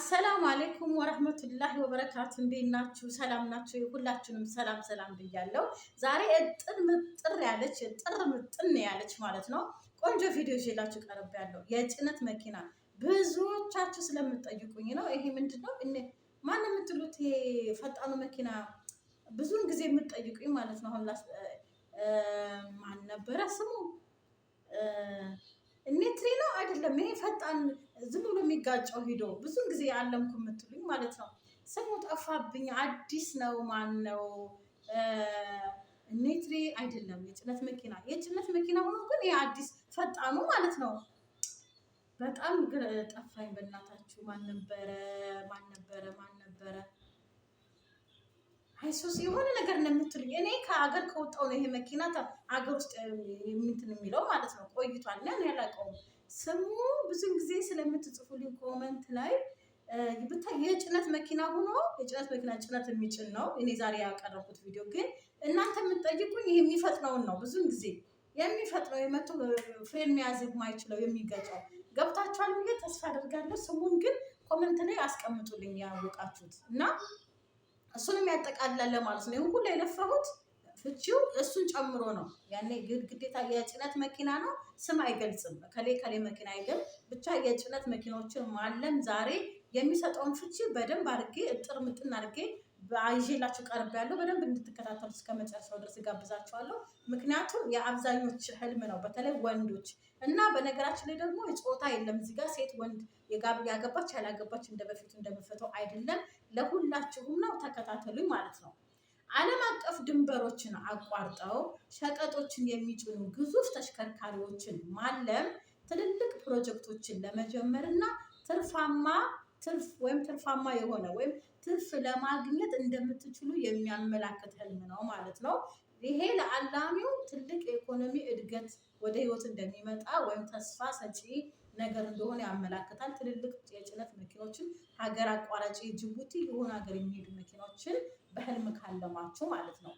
አሰላሙ አሌይኩም ወረህመቱላሂ ወበረካቱ። እንዴት ናችሁ? ሰላም ናችሁ? ሁላችሁንም ሰላም ሰላም ብያለሁ። ዛሬ እጥር ምጥር ያለች እጥር ምጥን ያለች ማለት ነው ቆንጆ ቪዲዮ ይዤላችሁ ቀርብ ያለው የጭነት መኪና ብዙዎቻችሁ ስለምጠይቁኝ ነው። ይሄ ምንድን ነው ማን የምትሉት ፈጣኑ መኪና ብዙውን ጊዜ የምትጠይቁኝ ማለት ነው። አሁን ማን ነበረ ስሙ ሜትሪ ነው አይደለም። ይሄ ፈጣን ዝም ብሎ የሚጋጨው ሂዶ ብዙን ጊዜ አለምኩ የምትሉኝ ማለት ነው። ስሙ ጠፋብኝ። አዲስ ነው ማን ነው? ኔትሪ አይደለም፣ የጭነት መኪና የጭነት መኪና ሆኖ ግን ይሄ አዲስ ፈጣኑ ማለት ነው። በጣም ጠፋኝ። በእናታችሁ ማን ነበረ? ማን ነበረ? ማን ነበረ? አይሱስ የሆነ ነገር ነው የምትሉኝ። እኔ ከሀገር ከወጣው ነው ይሄ መኪና አገር ውስጥ የምንትን የሚለው ማለት ነው። ቆይቷል ያን ያላቀው ስሙ ብዙን ጊዜ ስለምትጽፉልኝ ኮመንት ላይ ብታይ የጭነት መኪና ሆኖ የጭነት መኪና ጭነት የሚጭን ነው። እኔ ዛሬ ያቀረብኩት ቪዲዮ ግን እናንተ የምትጠይቁኝ ይሄ የሚፈጥነውን ነው። ብዙን ጊዜ የሚፈጥነው የመቶ ፍሬን መያዝ የማይችለው የሚገጫው ገብታችኋል ብዬ ተስፋ አደርጋለሁ። ስሙን ግን ኮመንት ላይ አስቀምጡልኝ ያወቃችሁት እና እሱንም ያጠቃልላል ማለት ነው። ይሁን ሁሉ የለፈሁት ፍቺው እሱን ጨምሮ ነው። ያኔ ግዴታ የጭነት መኪና ነው፣ ስም አይገልጽም። ከሌ ከሌ መኪና አይገልም። ብቻ የጭነት መኪናዎችን ማለም ዛሬ የሚሰጠውን ፍቺ በደንብ አድርጌ እጥር ምጥን አድርጌ ይዤላችሁ ቀርብ ያለው በደንብ እንድትከታተሉ እስከ መጨረሻው ድረስ ጋብዛችኋለሁ። ምክንያቱም የአብዛኞች ህልም ነው፣ በተለይ ወንዶች እና በነገራችን ላይ ደግሞ ጾታ የለም እዚህ ጋር ሴት ወንድ ያገባች ያላገባች እንደ በፊቱ እንደበፈተው አይደለም። ለሁላችሁም ነው፣ ተከታተሉኝ ማለት ነው። ዓለም አቀፍ ድንበሮችን አቋርጠው ሸቀጦችን የሚጭኑ ግዙፍ ተሽከርካሪዎችን ማለም ትልልቅ ፕሮጀክቶችን ለመጀመር እና ትርፋማ ትርፍ ወይም ትርፋማ የሆነ ወይም ትርፍ ለማግኘት እንደምትችሉ የሚያመላክት ህልም ነው ማለት ነው። ይሄ ለአላሚው ትልቅ የኢኮኖሚ እድገት ወደ ህይወት እንደሚመጣ ወይም ተስፋ ሰጪ ነገር እንደሆነ ያመላክታል። ትልልቅ የጭነት መኪኖችን ሀገር አቋራጭ የጅቡቲ የሆነ ሀገር የሚሄዱ መኪኖችን በህልም ካለማችሁ ማለት ነው።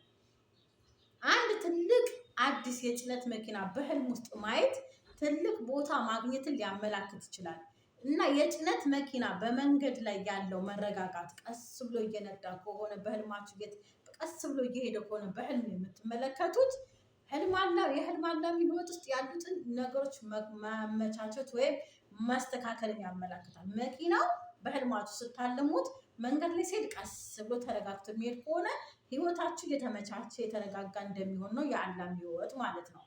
አንድ ትልቅ አዲስ የጭነት መኪና በህልም ውስጥ ማየት ትልቅ ቦታ ማግኘትን ሊያመላክት ይችላል። እና የጭነት መኪና በመንገድ ላይ ያለው መረጋጋት ቀስ ብሎ እየነዳ ከሆነ በህልማችሁ ቤት ቀስ ብሎ እየሄደ ከሆነ በህልም የምትመለከቱት ህልማና የህልማና ህይወት ውስጥ ያሉትን ነገሮች ማመቻቸት ወይም ማስተካከልን ያመላክታል። መኪናው በህልማችሁ ስታለሙት መንገድ ላይ ሲሄድ ቀስ ብሎ ተረጋግቶ የሚሄድ ከሆነ ህይወታችሁ የተመቻቸ የተረጋጋ እንደሚሆን ነው የአላሚ ህይወት ማለት ነው።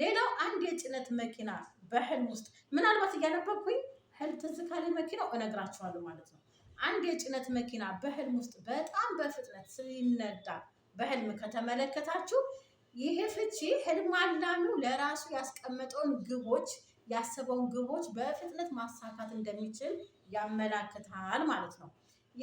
ሌላው አንድ የጭነት መኪና በህልም ውስጥ ምናልባት እያነበብኩኝ ህል ትዝ ካለ መኪናው እነግራችኋለሁ ማለት ነው። አንድ የጭነት መኪና በህልም ውስጥ በጣም በፍጥነት ሲነዳ በህልም ከተመለከታችሁ ይሄ ፍቺ ህልም አላሚው ለራሱ ያስቀመጠውን ግቦች ያሰበውን ግቦች በፍጥነት ማሳካት እንደሚችል ያመላክታል ማለት ነው።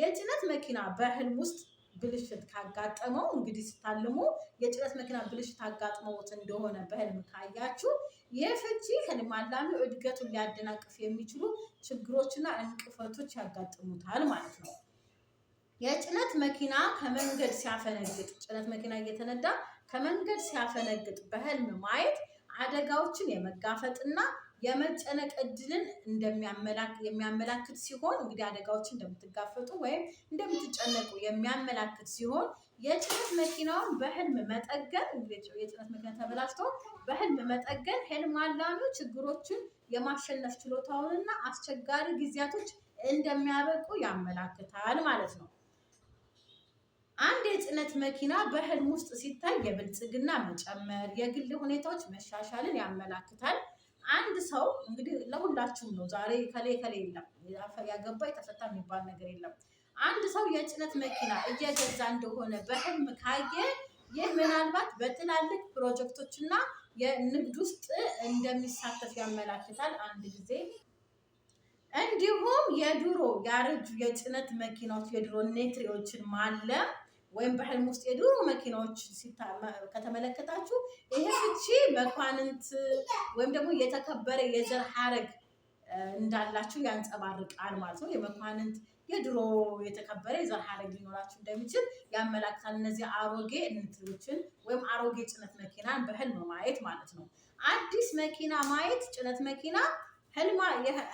የጭነት መኪና በህልም ውስጥ ብልሽት ካጋጠመው እንግዲህ ስታልሙ የጭነት መኪና ብልሽት አጋጥመውት እንደሆነ በህልም ካያችሁ ይህ ፍቺ ህልም አላሚው እድገቱን ሊያደናቅፍ የሚችሉ ችግሮችና እንቅፈቶች ያጋጥሙታል ማለት ነው። የጭነት መኪና ከመንገድ ሲያፈነግጥ፣ ጭነት መኪና እየተነዳ ከመንገድ ሲያፈነግጥ በህልም ማየት አደጋዎችን የመጋፈጥና የመጨነቅ እድልን የሚያመላክት ሲሆን እንግዲህ አደጋዎችን እንደምትጋፈጡ ወይም እንደምትጨነቁ የሚያመላክት ሲሆን የጭነት መኪናውን በህልም መጠገን የጭነት መኪና ተበላሽቶ በህልም መጠገን ህልም አላሚው ችግሮችን የማሸነፍ ችሎታውንና አስቸጋሪ ጊዜያቶች እንደሚያበቁ ያመላክታል ማለት ነው። አንድ የጭነት መኪና በህልም ውስጥ ሲታይ የብልጽግና መጨመር፣ የግል ሁኔታዎች መሻሻልን ያመላክታል። አንድ ሰው እንግዲህ ለሁላችሁም ነው ዛሬ ከሌ ከሌ የለም ያገባ የተፈታ የሚባል ነገር የለም። አንድ ሰው የጭነት መኪና እየገዛ እንደሆነ በህልም ካየ ይህ ምናልባት በትላልቅ ፕሮጀክቶች እና የንግድ ውስጥ እንደሚሳተፍ ያመላክታል። አንድ ጊዜ እንዲሁም የድሮ ያረጁ የጭነት መኪናዎች የድሮ ኔትሪዎችን ማለም ወይም በህልም ውስጥ የድሮ መኪናዎች ከተመለከታችሁ ይሄ ፍቺ መኳንንት ወይም ደግሞ የተከበረ የዘር ሀረግ እንዳላችሁ ያንጸባርቃል ማለት ነው። የመኳንንት የድሮ የተከበረ የዘር ሀረግ ሊኖራችሁ እንደሚችል ያመላክታል። እነዚህ አሮጌ እንትኖችን ወይም አሮጌ ጭነት መኪናን በህልም ማየት ማለት ነው። አዲስ መኪና ማየት ጭነት መኪና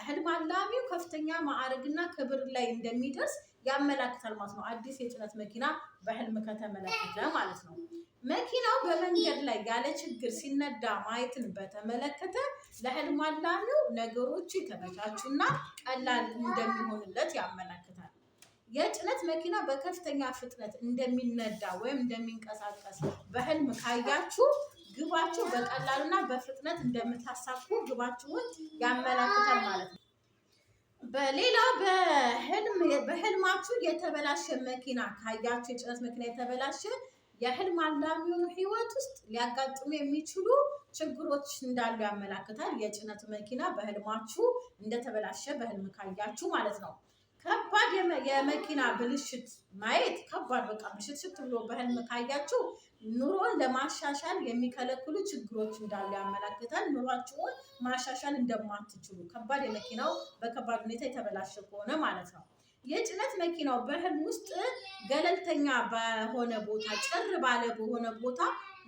ህልም አላሚው ከፍተኛ ማዕረግና ክብር ላይ እንደሚደርስ ያመላክታል ማለት ነው። አዲስ የጭነት መኪና በህልም ከተመለከተ ማለት ነው። መኪናው በመንገድ ላይ ያለ ችግር ሲነዳ ማየትን በተመለከተ ለህልም አላሚው ነገሮች የተመቻቹና ቀላል እንደሚሆንለት ያመላክታል። የጭነት መኪና በከፍተኛ ፍጥነት እንደሚነዳ ወይም እንደሚንቀሳቀስ በህልም ካያችሁ ግባችሁ በቀላልና በፍጥነት እንደምታሳኩ ግባችሁን ያመላክታል ማለት ነው። በሌላ በህልም በህልማችሁ የተበላሸ መኪና ካያችሁ የጭነት መኪና የተበላሸ የህልም አላሚውን ህይወት ውስጥ ሊያጋጥሙ የሚችሉ ችግሮች እንዳሉ ያመላክታል። የጭነት መኪና በህልማችሁ እንደተበላሸ በህልም ካያችሁ ማለት ነው። ከባድ የመኪና ብልሽት ማየት ከባድ በቃ ብልሽት ሽት ብሎ በህልም ካያችሁ ኑሮን ለማሻሻል የሚከለክሉ ችግሮች እንዳሉ ያመላክታል። ኑሯችሁን ማሻሻል እንደማትችሉ ከባድ የመኪናው በከባድ ሁኔታ የተበላሸ ከሆነ ማለት ነው። የጭነት መኪናው በህልም ውስጥ ገለልተኛ በሆነ ቦታ ጭር ባለ በሆነ ቦታ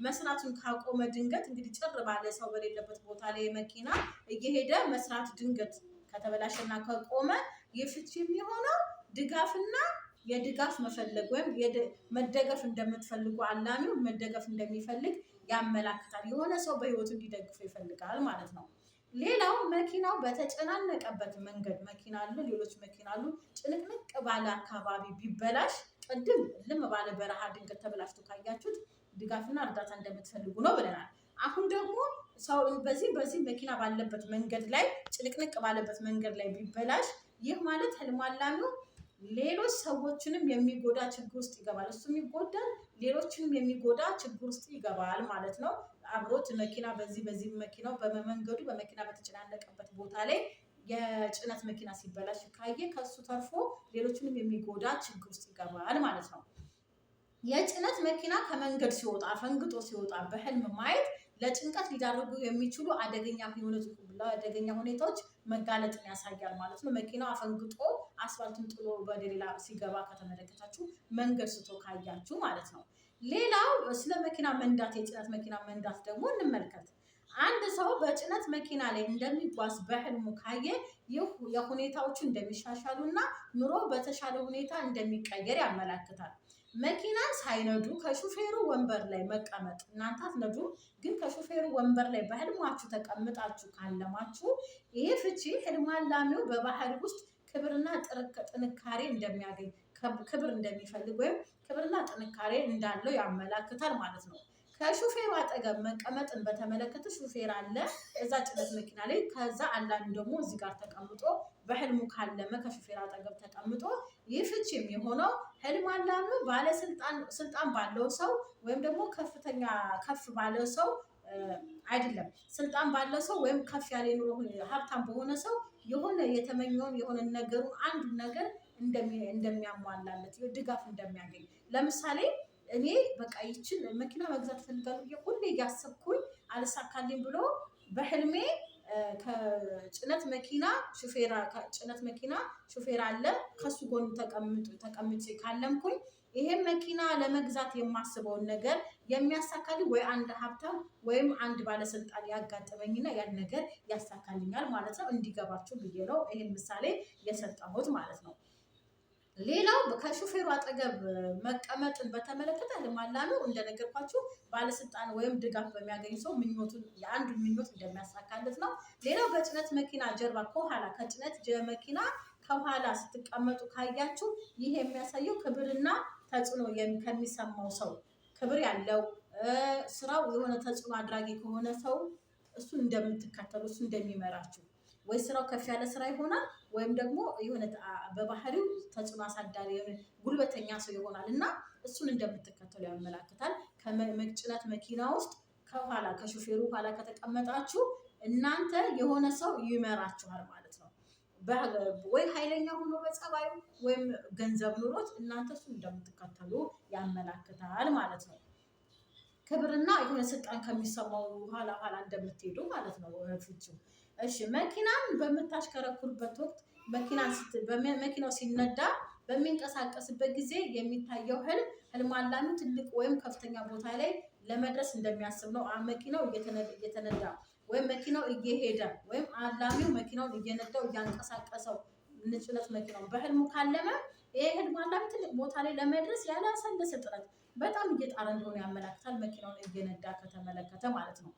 መስራቱን ካቆመ ድንገት እንግዲህ ጭር ባለ ሰው በሌለበት ቦታ ላይ መኪና እየሄደ መስራት ድንገት ከተበላሸና ከቆመ የፊት የሚሆነው ድጋፍና የድጋፍ መፈለግ ወይም መደገፍ እንደምትፈልጉ አላሚው መደገፍ እንደሚፈልግ ያመላክታል። የሆነ ሰው በህይወቱ እንዲደግፉ ይፈልጋል ማለት ነው። ሌላው መኪናው በተጨናነቀበት መንገድ መኪና አሉ፣ ሌሎች መኪና አሉ። ጭንቅንቅ ባለ አካባቢ ቢበላሽ ቅድም ልም ባለ በረሃ ድንገት ተበላሽቶ ካያችሁት ድጋፍና እርዳታ እንደምትፈልጉ ነው ብለናል። አሁን ደግሞ ሰው በዚህ በዚህ መኪና ባለበት መንገድ ላይ ጭንቅንቅ ባለበት መንገድ ላይ ቢበላሽ ይህ ማለት ህልም አላሚው ሌሎች ሰዎችንም የሚጎዳ ችግር ውስጥ ይገባል። እሱም ይጎዳል፣ ሌሎችንም የሚጎዳ ችግር ውስጥ ይገባል ማለት ነው። አብሮት መኪና በዚህ በዚህ መኪናው በመንገዱ በመኪና በተጨናነቀበት ቦታ ላይ የጭነት መኪና ሲበላሽ ካየ ከሱ ተርፎ ሌሎችንም የሚጎዳ ችግር ውስጥ ይገባል ማለት ነው። የጭነት መኪና ከመንገድ ሲወጣ ፈንግጦ ሲወጣ በህልም ማየት ለጭንቀት ሊዳርጉ የሚችሉ አደገኛ አደገኛ ሁኔታዎች መጋለጥን ያሳያል ማለት ነው። መኪናው አፈንግጦ አስፋልቱን ጥሎ ወደ ሌላ ሲገባ ከተመለከታችሁ መንገድ ስቶ ካያችሁ ማለት ነው። ሌላው ስለ መኪና መንዳት የጭነት መኪና መንዳት ደግሞ እንመልከት። አንድ ሰው በጭነት መኪና ላይ እንደሚጓዝ በህልሙ ካየ የሁኔታዎቹ እንደሚሻሻሉ እና ኑሮ በተሻለ ሁኔታ እንደሚቀየር ያመላክታል። መኪናን ሳይነዱ ከሹፌሩ ወንበር ላይ መቀመጥ እናንተ አትነዱ፣ ግን ከሹፌሩ ወንበር ላይ በህልማችሁ ተቀምጣችሁ ካለማችሁ ይህ ፍቺ ህልም አላሚው በባህል ውስጥ ክብርና ጥንካሬ እንደሚያገኝ ክብር እንደሚፈልግ ወይም ክብርና ጥንካሬ እንዳለው ያመላክታል ማለት ነው። ከሹፌር አጠገብ መቀመጥን በተመለከተ ሹፌር አለ እዛ ጭነት መኪና ላይ። ከዛ አንዳንዱ ደግሞ እዚህ ጋር ተቀምጦ በህልሙ ካለመ ከሹፌር አጠገብ ተቀምጦ ይህ ፍች የሚሆነው ህልም አላሚ ባለስልጣን ባለው ሰው ወይም ደግሞ ከፍተኛ ከፍ ባለው ሰው አይደለም፣ ስልጣን ባለው ሰው ወይም ከፍ ያለ ኑሮ ሀብታም በሆነ ሰው የሆነ የተመኘውን የሆነ ነገሩን አንዱ ነገር እንደሚያሟላለት ድጋፍ እንደሚያገኝ ለምሳሌ እኔ በቃ ይችን መኪና መግዛት ፈልጋለሁ ሁሌ እያሰብኩኝ አልሳካልኝ ብሎ በህልሜ ከጭነት መኪና ሹፌራ ከጭነት መኪና ሹፌር አለ ከሱ ጎን ተቀምጬ ካለምኩኝ ይሄን መኪና ለመግዛት የማስበውን ነገር የሚያሳካልኝ ወይ አንድ ሀብታም ወይም አንድ ባለስልጣን ያጋጠመኝና ያን ነገር ያሳካልኛል ማለት ነው። እንዲገባችሁ ብዬ ነው ይሄን ምሳሌ የሰጠሁት ማለት ነው። ሌላው ከሹፌሩ አጠገብ መቀመጥን በተመለከተ ልማላሚው እንደነገርኳችሁ ባለስልጣን ወይም ድጋፍ በሚያገኝ ሰው ምኞቱን የአንዱን ምኞት እንደሚያሳካለት ነው። ሌላው በጭነት መኪና ጀርባ ከኋላ ከጭነት መኪና ከኋላ ስትቀመጡ ካያችሁ ይህ የሚያሳየው ክብርና ተጽዕኖ ከሚሰማው ሰው ክብር ያለው ስራው የሆነ ተጽዕኖ አድራጊ ከሆነ ሰው እሱን እንደምትከተሉ እሱ እንደሚመራችሁ ወይ ስራው ከፍ ያለ ስራ ይሆናል፣ ወይም ደግሞ የሆነ በባህሪው ተጽዕኖ አሳዳሪ ጉልበተኛ ሰው ይሆናል እና እሱን እንደምትከተሉ ያመላክታል። ከጭነት መኪና ውስጥ ከኋላ ከሹፌሩ ኋላ ከተቀመጣችሁ እናንተ የሆነ ሰው ይመራችኋል ማለት ወይ ኃይለኛ ሆኖ በጸባዩ ወይም ገንዘብ ኑሮት እናንተ እሱ እንደምትከተሉ ያመላክታል ማለት ነው። ክብርና የሆነ ስልጣን ከሚሰማው ኋላ ኋላ እንደምትሄዱ ማለት ነው ፍቺው። እሺ መኪናን በምታሽከረክሩበት ወቅት መኪናው ሲነዳ በሚንቀሳቀስበት ጊዜ የሚታየው ህልም ህልማላኑ ትልቅ ወይም ከፍተኛ ቦታ ላይ ለመድረስ እንደሚያስብ ነው። መኪናው እየተነዳ ወይም መኪናው እየሄደ ወይም አላሚው መኪናውን እየነዳው እያንቀሳቀሰው ንጭነት መኪናው በህልሙ ካለመ ይሄ ህልሙ አላሚ ትልቅ ቦታ ላይ ለመድረስ ያላሰለሰ ጥረት በጣም እየጣረ እንደሆነ ያመላክታል። መኪናውን እየነዳ ከተመለከተ ማለት ነው።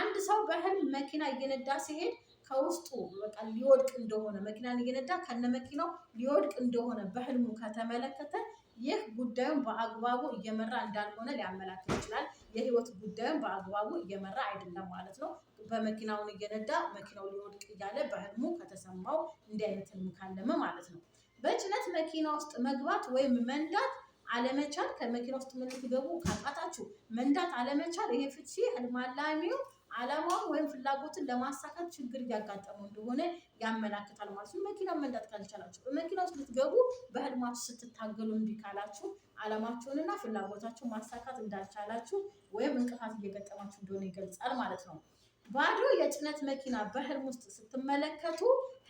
አንድ ሰው በህልም መኪና እየነዳ ሲሄድ ከውስጡ በቃ ሊወድቅ እንደሆነ መኪናን እየነዳ ከነ መኪናው ሊወድቅ እንደሆነ በህልሙ ከተመለከተ ይህ ጉዳዩን በአግባቡ እየመራ እንዳልሆነ ሊያመላክት ይችላል። የህይወት ጉዳዩን በአግባቡ እየመራ አይደለም ማለት ነው። በመኪናውን እየነዳ መኪናው ሊወድቅ እያለ በህልሙ ከተሰማው እንዲህ አይነት ህልም ካለመ ማለት ነው። በጭነት መኪና ውስጥ መግባት ወይም መንዳት አለመቻል ከመኪና ውስጥ ምትገቡ ካጣታችሁ መንዳት አለመቻል፣ ይሄ ፍቺ ህልም አላሚው ዓላማውን ወይም ፍላጎትን ለማሳካት ችግር እያጋጠመው እንደሆነ ያመላክታል ማለት ነው። መኪና መንዳት ካልቻላችሁ በመኪና ውስጥ ልትገቡ በህልማችሁ ስትታገሉ እምቢ ካላችሁ ዓላማችሁንና ፍላጎታችሁን ማሳካት እንዳልቻላችሁ ወይም እንቅፋት እየገጠማችሁ እንደሆነ ይገልጻል ማለት ነው። ባዶ የጭነት መኪና በህልም ውስጥ ስትመለከቱ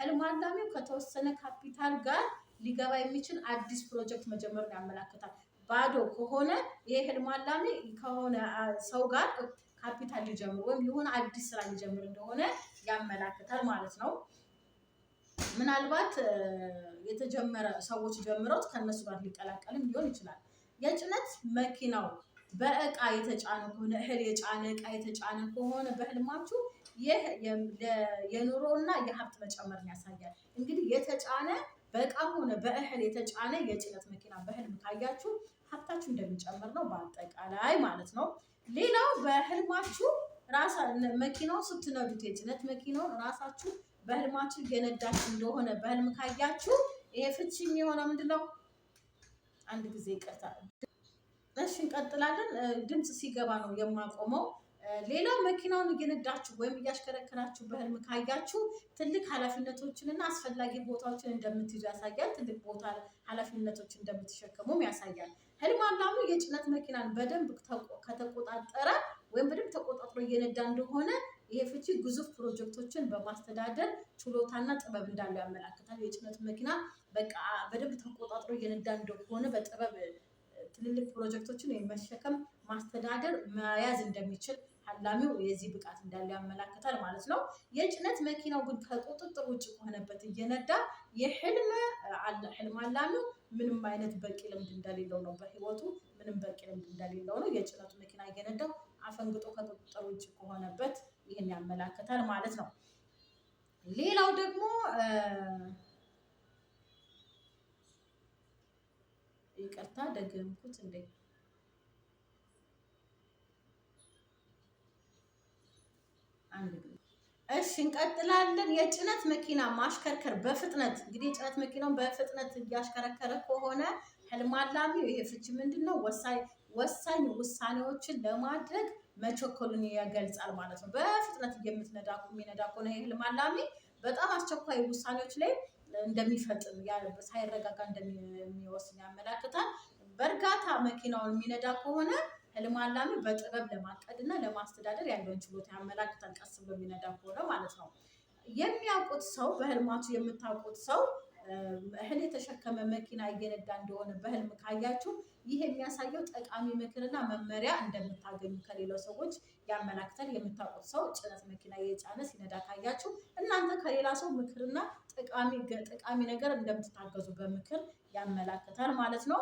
ህልም አላሚው ከተወሰነ ካፒታል ጋር ሊገባ የሚችል አዲስ ፕሮጀክት መጀመሩን ያመላክታል። ባዶ ከሆነ ይሄ ህልም አላሚ ከሆነ ሰው ጋር ካፒታል ሊጀምር ወይም የሆነ አዲስ ስራ ሊጀምር እንደሆነ ያመላክታል ማለት ነው። ምናልባት የተጀመረ ሰዎች ጀምረውት ከእነሱ ጋር ሊቀላቀልም ሊሆን ይችላል። የጭነት መኪናው በእቃ የተጫነ ከሆነ እህል የጫነ እቃ የተጫነ ከሆነ በህልማችሁ ይህ የኑሮና የሀብት መጨመርን ያሳያል። እንግዲህ የተጫነ በእቃ ሆነ በእህል የተጫነ የጭነት መኪና በህልም ካያችሁ ሀብታችሁ እንደሚጨምር ነው በአጠቃላይ ማለት ነው። ሌላው በህልማችሁ ራሳ መኪናው ስትነዱት የጭነት መኪናውን ራሳችሁ በህልማችሁ እየነዳችሁ እንደሆነ በህልም ካያችሁ ይሄ ፍቺ የሚሆነው ምንድነው? አንድ ጊዜ ይቅርታ። እሺ እንቀጥላለን። ድምፅ ሲገባ ነው የማቆመው። ሌላው መኪናውን እየነዳችሁ ወይም እያሽከረከራችሁ በህልም ካያችሁ ትልቅ ኃላፊነቶችንና አስፈላጊ ቦታዎችን እንደምትይዙ ያሳያል። ትልቅ ቦታ ኃላፊነቶችን እንደምትሸከሙም ያሳያል። ህልም አላሙ የጭነት መኪናን በደንብ ከተቆጣጠረ ወይም በደንብ ተቆጣጥሮ እየነዳ እንደሆነ ይሄ ፍቺ ግዙፍ ፕሮጀክቶችን በማስተዳደር ችሎታና ጥበብ እንዳለው ያመላክታል። የጭነት መኪና በቃ በደንብ ተቆጣጥሮ እየነዳ እንደሆነ በጥበብ ትልልቅ ፕሮጀክቶችን የመሸከም ማስተዳደር መያዝ እንደሚችል አላሚው የዚህ ብቃት እንዳለው ያመላክታል ማለት ነው። የጭነት መኪናው ግን ከቁጥጥር ውጭ ከሆነበት እየነዳ የህልም አላሚው ምንም አይነት በቂ ልምድ እንደሌለው ነው። በህይወቱ ምንም በቂ ልምድ እንደሌለው ነው። የጭነቱ መኪና እየነዳው አፈንግጦ ከቁጥጥር ውጭ ከሆነበት ይህን ያመላክታል ማለት ነው። ሌላው ደግሞ ይቅርታ ደግምኩት እንዴ አንድ እሺ እንቀጥላለን። የጭነት መኪና ማሽከርከር በፍጥነት እንግዲህ የጭነት መኪናውን በፍጥነት እያሽከረከረ ከሆነ ህልም አላሚው ይሄ ፍቺ ምንድን ነው? ወሳኝ ውሳኔዎችን ለማድረግ መቸኮሉን ይገልጻል ማለት ነው። በፍጥነት የምትነዳ የሚነዳ ከሆነ ይሄ ህልም አላሚ በጣም አስቸኳይ ውሳኔዎች ላይ እንደሚፈጥን ሳይረጋጋ እንደሚወስን ያመላክታል። በእርጋታ መኪናውን የሚነዳ ከሆነ ህልም አላሚ በጥበብ ለማቀድ እና ለማስተዳደር ያለውን ችሎታ ያመላክታል። ቀስ ብሎ የሚነዳ ከሆነ ማለት ነው። የሚያውቁት ሰው በህልማችሁ የምታውቁት ሰው እህል የተሸከመ መኪና እየነዳ እንደሆነ በህልም ካያችሁ ይህ የሚያሳየው ጠቃሚ ምክርና መመሪያ እንደምታገኙ ከሌላው ሰዎች ያመላክታል። የምታውቁት ሰው ጭነት መኪና እየጫነ ሲነዳ ካያችሁ እናንተ ከሌላ ሰው ምክርና ጠቃሚ ጠቃሚ ነገር እንደምትታገዙ በምክር ያመላክታል ማለት ነው።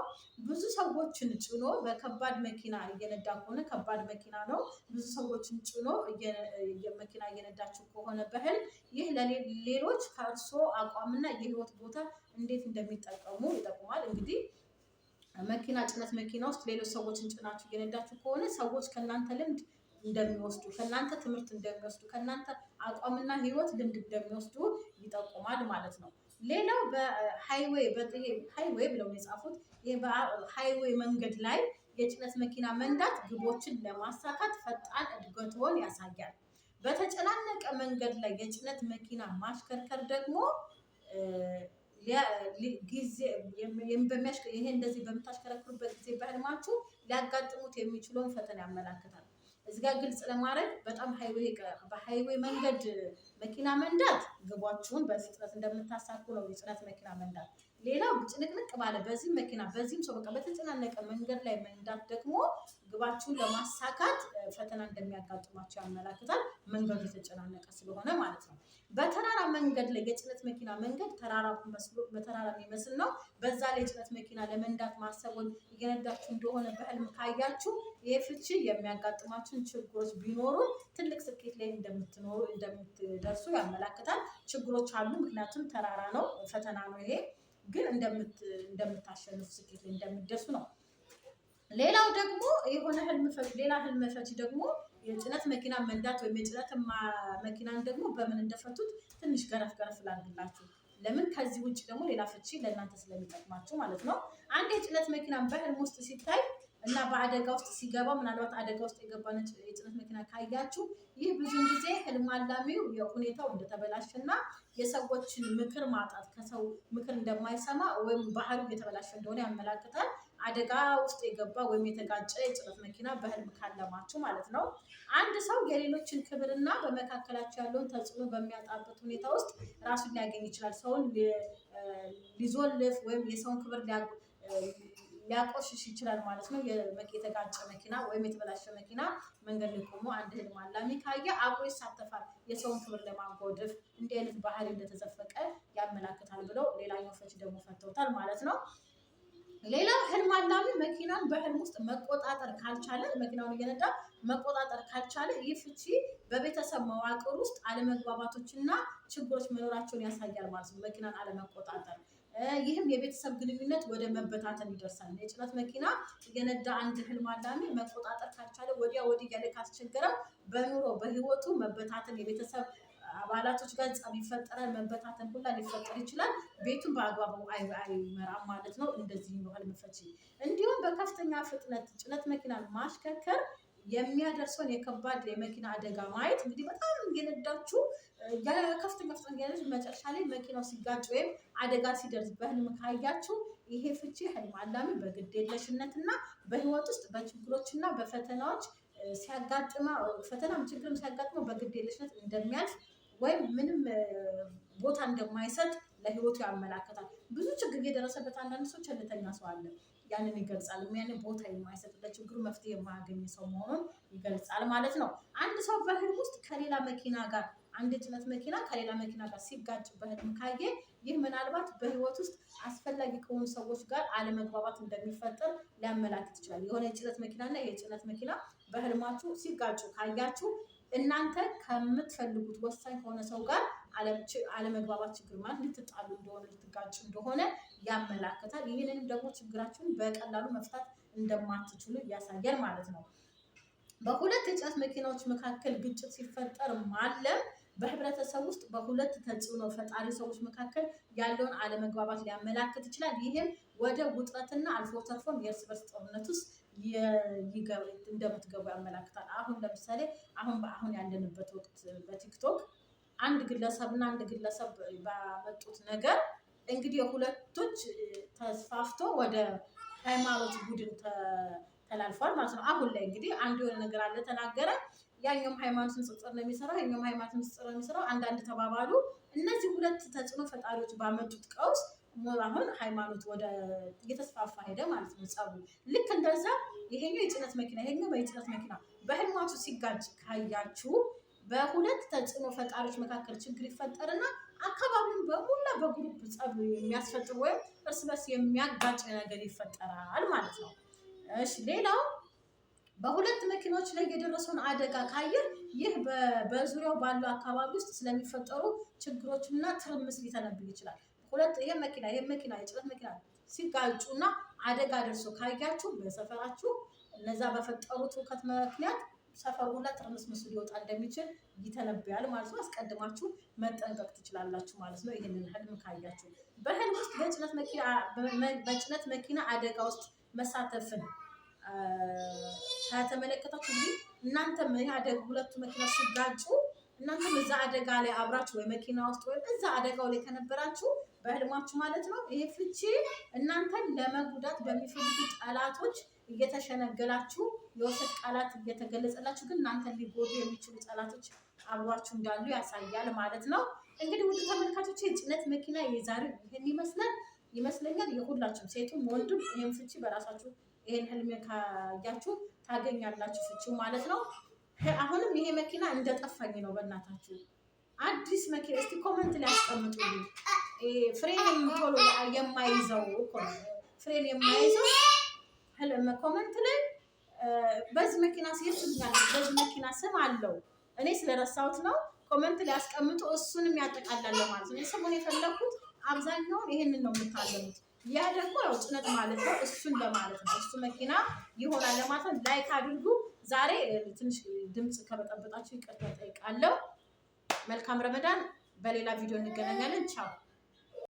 ብዙ ሰዎችን ጭኖ በከባድ መኪና እየነዳ ከሆነ ከባድ መኪና ነው። ብዙ ሰዎችን ጭኖ መኪና እየነዳችው ከሆነ በህል ይህ ለሌሎች ከእርሶ አቋምና የህይወት ቦታ እንዴት እንደሚጠቀሙ ይጠቁማል። እንግዲህ መኪና ጭነት መኪና ውስጥ ሌሎች ሰዎችን ጭናችሁ እየነዳችሁ ከሆነ ሰዎች ከእናንተ ልምድ እንደሚወስዱ ከእናንተ ትምህርት እንደሚወስዱ ከእናንተ አቋምና ህይወት ልምድ እንደሚወስዱ ይጠቁማል ማለት ነው። ሌላው በሃይዌይ ሃይዌይ ብለው የጻፉት ሃይዌይ መንገድ ላይ የጭነት መኪና መንዳት ግቦችን ለማሳካት ፈጣን እድገቶን ያሳያል። በተጨናነቀ መንገድ ላይ የጭነት መኪና ማሽከርከር ደግሞ ጊዜ ይሄ እንደዚህ በምታሽከረክሩበት ጊዜ በህልማችሁ ሊያጋጥሙት የሚችለውን ፈተና ያመላክታል። እዚጋ ግልጽ ለማድረግ በጣም በሃይዌይ መንገድ መኪና መንዳት ግቧችሁን በፍጥነት እንደምታሳኩ ነው። የጭነት መኪና መንዳት ሌላው ጭንቅንቅ ባለ በዚህም መኪና በዚህም ሰው በቃ በተጨናነቀ መንገድ ላይ መንዳት ደግሞ ግባችሁን ለማሳካት ፈተና እንደሚያጋጥማቸው ያመላክታል። መንገዱ የተጨናነቀ ስለሆነ ማለት ነው። በተራራ መንገድ ላይ የጭነት መኪና መንገድ ተራራ በተራራ የሚመስል ነው። በዛ ላይ የጭነት መኪና ለመንዳት ማሰቡን እየነዳችሁ እንደሆነ በህልም ካያችሁ ይህ ፍቺ የሚያጋጥማችሁን ችግሮች ቢኖሩ ትልቅ ስኬት ላይ እንደምትኖሩ እንደምት እንደሚደርሱ ያመላክታል። ችግሮች አሉ፣ ምክንያቱም ተራራ ነው፣ ፈተና ነው። ይሄ ግን እንደምታሸንፉ ስኬት ላይ እንደሚደርሱ ነው። ሌላው ደግሞ የሆነ ህልም ሌላ ህልም ፈች ደግሞ የጭነት መኪና መንዳት ወይም የጭነት መኪናን ደግሞ በምን እንደፈቱት ትንሽ ገረፍ ገረፍ ላድርግላችሁ። ለምን ከዚህ ውጭ ደግሞ ሌላ ፍቺ ለእናንተ ስለሚጠቅማችሁ ማለት ነው። አንድ የጭነት መኪናን በህልም ውስጥ ሲታይ እና በአደጋ ውስጥ ሲገባ ምናልባት አደጋ ውስጥ የገባ ነጭ የጭነት መኪና ካያችሁ ይህ ብዙ ጊዜ ህልም አላሚው ሁኔታው እንደተበላሸ እና የሰዎችን ምክር ማጣት ከሰው ምክር እንደማይሰማ ወይም ባህሉ እየተበላሸ እንደሆነ ያመላክታል። አደጋ ውስጥ የገባ ወይም የተጋጨ የጭነት መኪና በህልም ካለማችሁ ማለት ነው። አንድ ሰው የሌሎችን ክብርና በመካከላቸው ያለውን ተጽዕኖ በሚያጣበት ሁኔታ ውስጥ ራሱን ሊያገኝ ይችላል። ሰውን ሊዞልፍ ወይም የሰውን ክብር ሊያቆሽሽ ይችላል ማለት ነው። የተጋጨ መኪና ወይም የተበላሸ መኪና መንገድ ላይ ቆሞ አንድ ህልም አላሚ ካየ አብሮ ይሳተፋል። የሰውን ክብር ለማንጎድፍ እንዲህ አይነት እንደተዘፈቀ ያመላክታል ብለው ሌላኛው ፈች ደግሞ ፈተውታል ማለት ነው። ሌላው ህልም አላሚ መኪናን በህልም ውስጥ መቆጣጠር ካልቻለ መኪናውን እየነዳ መቆጣጠር ካልቻለ ይህ ፍቺ በቤተሰብ መዋቅር ውስጥ አለመግባባቶችና ችግሮች መኖራቸውን ያሳያል ማለት ነው። መኪናን አለመቆጣጠር ይህም የቤተሰብ ግንኙነት ወደ መበታተን ይደርሳል። የጭነት መኪና የነዳ አንድ ህልም አላሚ መቆጣጠር ካልቻለ ወዲያ ወዲህ እያለ ካስቸገረው በኑሮ በህይወቱ መበታተን የቤተሰብ አባላቶች ጋር ጸብ ይፈጠራል። መበታተን ሁላ ሊፈጠር ይችላል። ቤቱን በአግባቡ አይመራም ማለት ነው። እንደዚህ ይሆናል መፈች እንዲሁም በከፍተኛ ፍጥነት ጭነት መኪናን ማሽከርከር የሚያደርሰውን የከባድ የመኪና አደጋ ማየት እንግዲህ በጣም እየነዳችሁ ከፍተኛ ፍጥነት እያለች መጨረሻ ላይ መኪናው ሲጋጭ ወይም አደጋ ሲደርስ በህልም ካያችሁ ይሄ ፍቺ ህልም አላሚ በግዴለሽነት እና በህይወት ውስጥ በችግሮች እና በፈተናዎች ሲያጋጥመው ፈተናም ችግርም ሲያጋጥመው በግዴለሽነት እንደሚያልፍ ወይም ምንም ቦታ እንደማይሰጥ ለህይወቱ ያመላከታል። ብዙ ችግር የደረሰበት አንዳንድ ሰው ቸልተኛ ሰው አለ። ያንን ይገልጻል። ያንን ቦታ የማይሰጥ ለችግሩ መፍትሄ የማያገኝ ሰው መሆኑን ይገልጻል ማለት ነው። አንድ ሰው በህልም ውስጥ ከሌላ መኪና ጋር አንድ ጭነት መኪና ከሌላ መኪና ጋር ሲጋጭ በህልም ካየ ይህ ምናልባት በህይወት ውስጥ አስፈላጊ ከሆኑ ሰዎች ጋር አለመግባባት እንደሚፈጠር ሊያመላክት ይችላል። የሆነ የጭነት መኪናና ይሄ የጭነት መኪና በህልማችሁ ሲጋጩ ካያችሁ እናንተ ከምትፈልጉት ወሳኝ ከሆነ ሰው ጋር አለመግባባት ችግር ማለት ልትጣሉ እንደሆነ ልትጋጭ እንደሆነ ያመላክታል። ይህንንም ደግሞ ችግራችሁን በቀላሉ መፍታት እንደማትችሉ ያሳያል ማለት ነው። በሁለት የጭነት መኪናዎች መካከል ግጭት ሲፈጠር ማለም በህብረተሰብ ውስጥ በሁለት ተጽዕኖ ፈጣሪ ሰዎች መካከል ያለውን አለመግባባት ሊያመላክት ይችላል። ይህም ወደ ውጥረትና አልፎ ተርፎም የእርስ በርስ ጦርነት ውስጥ እንደምትገቡ ያመላክታል። አሁን ለምሳሌ አሁን በአሁን ያለንበት ወቅት በቲክቶክ አንድ ግለሰብ እና አንድ ግለሰብ ባመጡት ነገር እንግዲህ ሁለቶች ተስፋፍቶ ወደ ሃይማኖት ቡድን ተላልፏል ማለት ነው። አሁን ላይ እንግዲህ አንድ የሆነ ነገር አለ ተናገረ፣ ያኛውም ሃይማኖት ንጽጽር ነው የሚሰራው፣ ያኛውም ሃይማኖት ንጽጽር ነው የሚሰራው፣ አንዳንድ ተባባሉ። እነዚህ ሁለት ተጽዕኖ ፈጣሪዎች ባመጡት ቀውስ አሁን ሃይማኖት ወደ እየተስፋፋ ሄደ ማለት ነው። ጸቡ ልክ እንደዛ ይሄኛው የጭነት መኪና ይሄኛው የጭነት መኪና በህልማቱ ሲጋጭ ካያችሁ በሁለት ተጽዕኖ ፈጣሪዎች መካከል ችግር ይፈጠርና አካባቢውን በሙላ በግሩፕ ጸብ የሚያስፈጥር ወይም እርስ በርስ የሚያጋጭ ነገር ይፈጠራል ማለት ነው። እሺ ሌላው በሁለት መኪኖች ላይ የደረሰውን አደጋ ካየር ይህ በዙሪያው ባለው አካባቢ ውስጥ ስለሚፈጠሩ ችግሮችና ትርምስ ሊተነብይ ይችላል። ሁለት ይህ መኪና ይህ መኪና የጭነት መኪና ሲጋጩ እና አደጋ ደርሶ ካያችሁ በሰፈራችሁ እነዛ በፈጠሩት እውከት ምክንያት ሰፈሩና ጥርምስምሱ ሊወጣ እንደሚችል ይተነብያል ማለት ነው። አስቀድማችሁ መጠንቀቅ ትችላላችሁ ማለት ነው። ይህንን ህልም ካያችሁ በህልም ውስጥ በጭነት መኪና አደጋ ውስጥ መሳተፍን ከተመለከታችሁ እንግዲህ እናንተ አደግ ሁለቱ መኪና ሲጋጩ እናንተም እዛ አደጋ ላይ አብራችሁ ወይ መኪና ውስጥ ወይም እዛ አደጋው ላይ ከነበራችሁ በህልማችሁ ማለት ነው። ይሄ ፍቺ እናንተን ለመጉዳት በሚፈልጉ ጠላቶች እየተሸነገላችሁ የውሸት ቃላት እየተገለጸላችሁ ግን እናንተ ሊጎዱ የሚችሉ ቃላቶች አብሯችሁ እንዳሉ ያሳያል ማለት ነው። እንግዲህ ውድ ተመልካቾች የጭነት መኪና የዛሬው ይህን ይመስላል ይመስለኛል። የሁላችሁም ሴቱም ወንዱም ይህም ፍቺ በራሳችሁ ይህን ህልም ካያችሁ ታገኛላችሁ ፍቺው ማለት ነው። አሁንም ይሄ መኪና እንደጠፋኝ ነው። በእናታችሁ አዲስ መኪና እስቲ ኮመንት ላይ አስቀምጡልኝ። ፍሬን ቶሎ የማይዘው ፍሬን የማይዘው ኮመንት ላይ በዚህ መኪና ሲሄድ ስልኛል። በዚህ መኪና ስም አለው እኔ ስለረሳሁት ነው። ኮመንት ሊያስቀምጡ እሱንም ያጠቃላለ ማለት ነው። ስሙን የፈለኩት አብዛኛውን ይሄንን ነው የምታለሙት። ያ ደግሞ ያው ጭነት ማለት ነው። እሱን ለማለት ነው። እሱ መኪና ይሆናል ለማለት ነው። ላይክ አድርጉ። ዛሬ ትንሽ ድምፅ ከበጠበጣችሁ ይቅርታ ጠይቃለሁ። መልካም ረመዳን። በሌላ ቪዲዮ እንገናኛለን። ቻው